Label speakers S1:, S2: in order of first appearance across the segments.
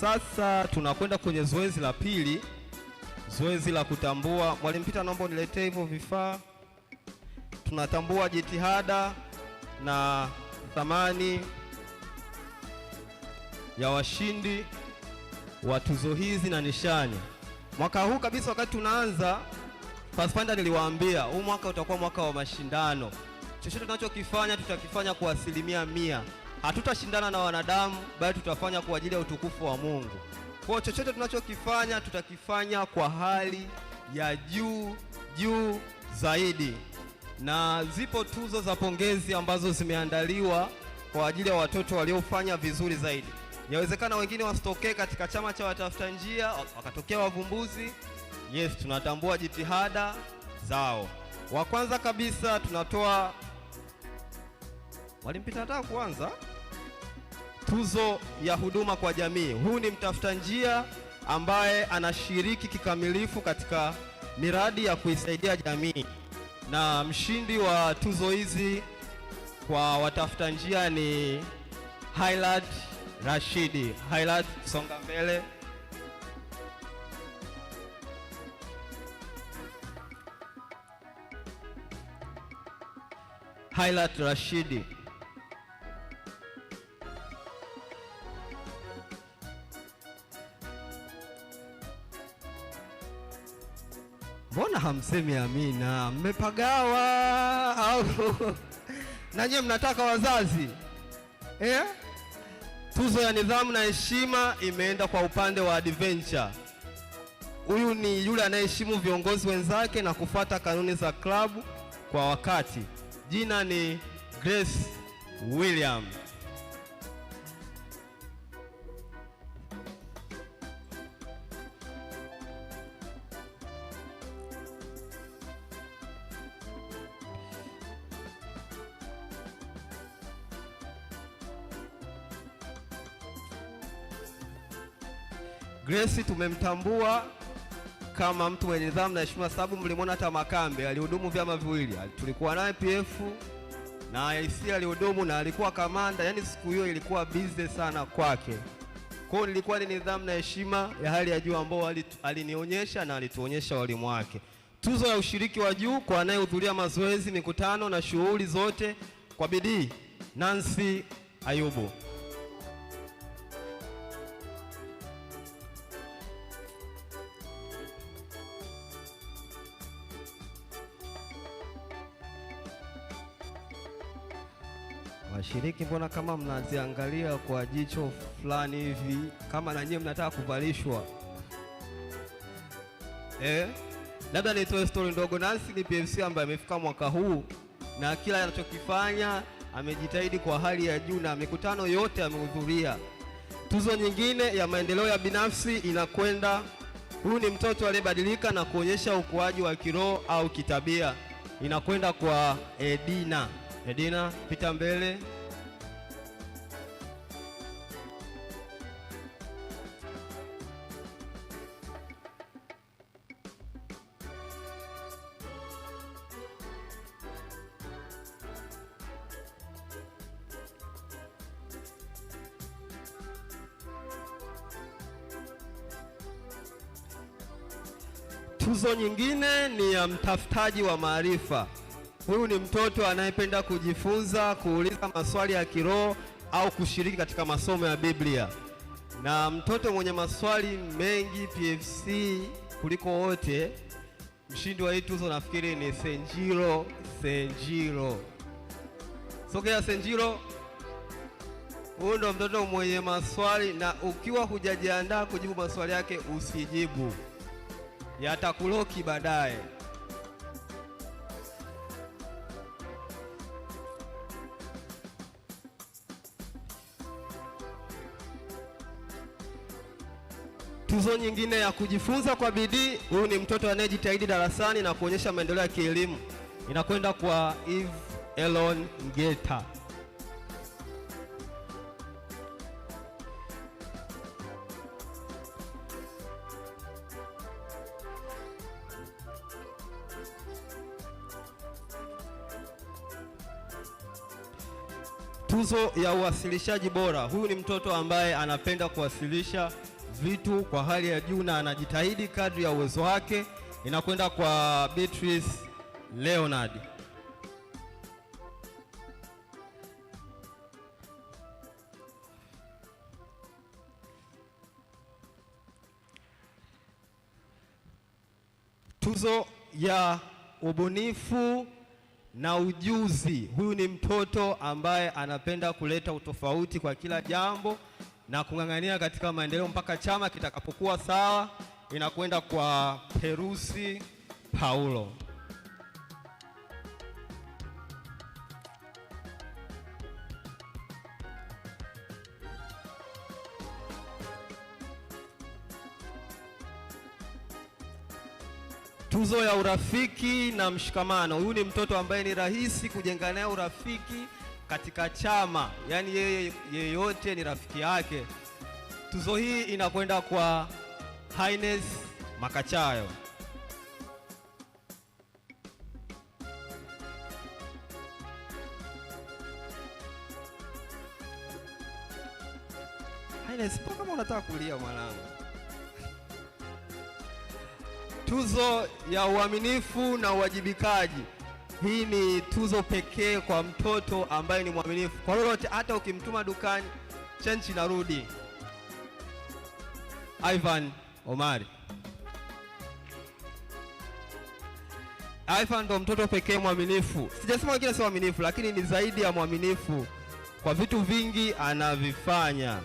S1: Sasa tunakwenda kwenye zoezi la pili, zoezi la kutambua. Mwalimu Pita, naomba uniletee hivyo vifaa. Tunatambua jitihada na thamani ya washindi wa tuzo hizi na nishani. Mwaka huu kabisa, wakati tunaanza Pathfinder, niliwaambia huu mwaka utakuwa mwaka wa mashindano. Chochote tunachokifanya tutakifanya kwa asilimia mia hatutashindana na wanadamu, bali tutafanya kwa ajili ya utukufu wa Mungu. Kwa chochote tunachokifanya tutakifanya kwa hali ya juu juu zaidi, na zipo tuzo za pongezi ambazo zimeandaliwa kwa ajili ya watoto waliofanya vizuri zaidi. Yawezekana wengine wasitokee katika chama cha watafuta njia, wakatokea wavumbuzi. Yes, tunatambua jitihada zao. Wa kwanza kabisa tunatoa walimpita hata kuanza Tuzo ya huduma kwa jamii. Huu ni mtafuta njia ambaye anashiriki kikamilifu katika miradi ya kuisaidia jamii, na mshindi wa tuzo hizi kwa watafuta njia ni Hailat Rashidi. Hailat, songa mbele. Hailat Rashidi. hamsemi amina, mmepagawa au nanyiwe mnataka wazazi eh? Tuzo ya nidhamu na heshima imeenda kwa upande wa adventure. Huyu ni yule anayeheshimu viongozi wenzake na kufuata kanuni za klabu kwa wakati. Jina ni Grace William. Grace tumemtambua kama mtu mwenye nidhamu na heshima, sababu mlimwona hata Makambe alihudumu vyama viwili, tulikuwa naye PF na IC alihudumu na alikuwa kamanda. Yani siku hiyo ilikuwa busy sana kwake, kwao nilikuwa ni nidhamu na heshima ya hali ya juu ambao alinionyesha na alituonyesha walimu wake. Tuzo ya ushiriki wa juu kwa anayehudhuria mazoezi, mikutano na shughuli zote kwa bidii, Nancy Ayubu. washiriki, mbona kama mnaziangalia kwa jicho fulani hivi, kama na nyie mnataka kuvalishwa eh? Labda nitoe stori ndogo. Nancy ni PFC ambaye amefika mwaka huu na kila anachokifanya amejitahidi kwa hali ya juu na mikutano yote amehudhuria. Tuzo nyingine ya maendeleo ya binafsi inakwenda huyu ni mtoto aliyebadilika na kuonyesha ukuaji wa kiroho au kitabia, inakwenda kwa Edina. Edina, pita mbele. Tuzo nyingine ni ya mtafutaji wa maarifa. Huyu ni mtoto anayependa kujifunza, kuuliza maswali ya kiroho au kushiriki katika masomo ya Biblia. Na mtoto mwenye maswali mengi PFC kuliko wote, mshindi wa hii tuzo nafikiri ni Senjiro. Senjiro, sogea Senjiro. Huyu ndo mtoto mwenye maswali, na ukiwa hujajiandaa kujibu maswali yake usijibu, yatakuloki baadaye. Tuzo nyingine ya kujifunza kwa bidii. Huyu ni mtoto anayejitahidi darasani na kuonyesha maendeleo ya kielimu, inakwenda kwa Eve Elon Ngeta. Tuzo ya uwasilishaji bora. Huyu ni mtoto ambaye anapenda kuwasilisha vitu kwa hali ya juu na anajitahidi kadri ya uwezo wake. Inakwenda kwa Beatrice Leonard. Tuzo ya ubunifu na ujuzi. Huyu ni mtoto ambaye anapenda kuleta utofauti kwa kila jambo na kung'ang'ania katika maendeleo mpaka chama kitakapokuwa sawa. Inakwenda kwa Perusi Paulo. Tuzo ya urafiki na mshikamano. Huyu ni mtoto ambaye ni rahisi kujenga naye urafiki katika chama, yani yeye yeyote ni rafiki yake. Tuzo hii inakwenda kwa Haines Makachayo. Haines, kama unataka kulia mwanangu. Tuzo ya uaminifu na uwajibikaji. Hii ni tuzo pekee kwa mtoto ambaye ni mwaminifu kwa lolote, hata ukimtuma dukani chenchi narudi. Ivan Omari. Ivan ndo mtoto pekee mwaminifu. Sijasema wengine sio mwaminifu, lakini ni zaidi ya mwaminifu kwa vitu vingi anavifanya.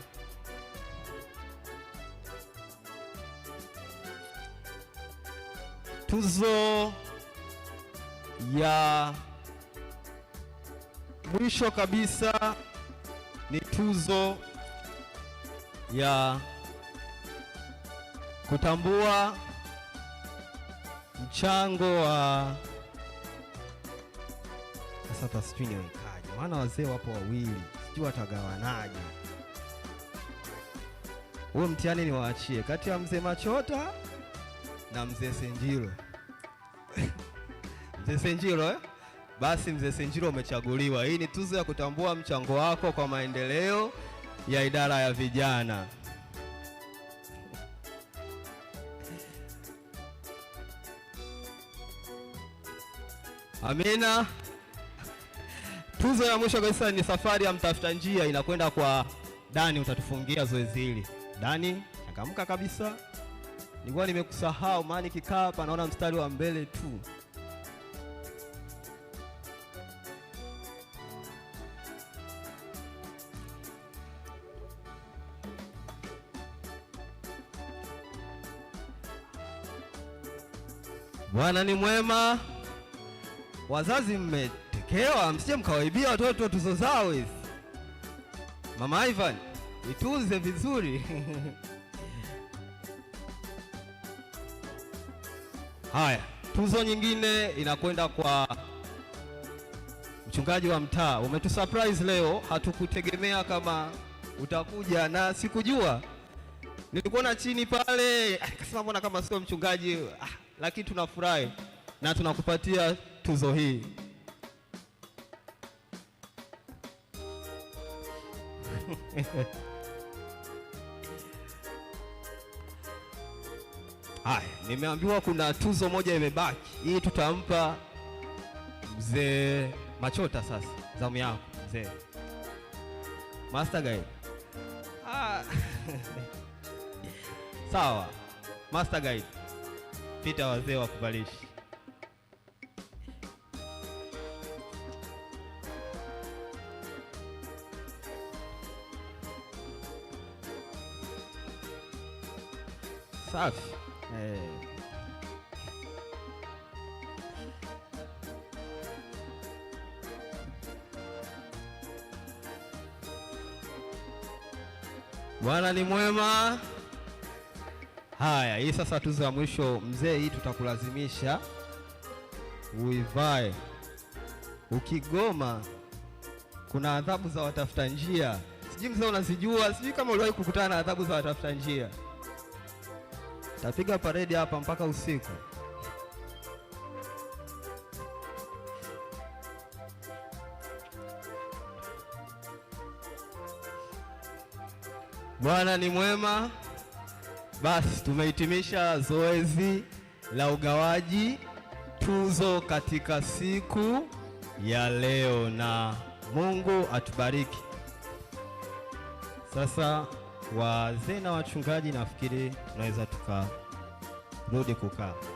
S1: Tuzo ya mwisho kabisa ni tuzo ya kutambua mchango wa sasa, tasijui wekaji maana wazee wapo wawili, sijui watagawanaje. Huyo mtihani niwaachie kati ya mzee Machota na mzee Senjiro. Mzee Senjiro eh? Basi Mzee Senjiro umechaguliwa. Hii ni tuzo ya kutambua mchango wako kwa maendeleo ya idara ya vijana. Amina. Tuzo ya mwisho kabisa ni safari ya mtafuta njia, inakwenda kwa Dani. Utatufungia zoezi hili Dani. Changamka kabisa, nilikuwa nimekusahau, maana nikikaa hapa naona mstari wa mbele tu. Bwana ni mwema. Wazazi mmetekewa, msije mkawaibia watoto tuzo zao hizi. Mama Ivan, itunze vizuri Haya, tuzo nyingine inakwenda kwa mchungaji wa mtaa. Umetusurprise leo, hatukutegemea kama utakuja, na sikujua nilikuona chini pale, akasema mbona kama sio mchungaji ah lakini tunafurahi na tunakupatia tuzo hii. Haya, nimeambiwa kuna tuzo moja imebaki, hii tutampa mzee Machota. Sasa zamu yako mzee Master Guy. Ah. Sawa Master Guy watapita wazee wakuvalishi. Safi hey. Eh. Bwana ni mwema. Haya, hii sasa tuzo ya mwisho mzee, hii tutakulazimisha uivae. Ukigoma kuna adhabu za watafuta njia, sijui mzee unazijua, sijui kama uliwahi kukutana na adhabu za watafuta njia. Tapiga paredi hapa mpaka usiku. Bwana ni mwema. Basi tumehitimisha zoezi la ugawaji tuzo katika siku ya leo, na Mungu atubariki. Sasa wazee na wachungaji, nafikiri tunaweza tukarudi kukaa.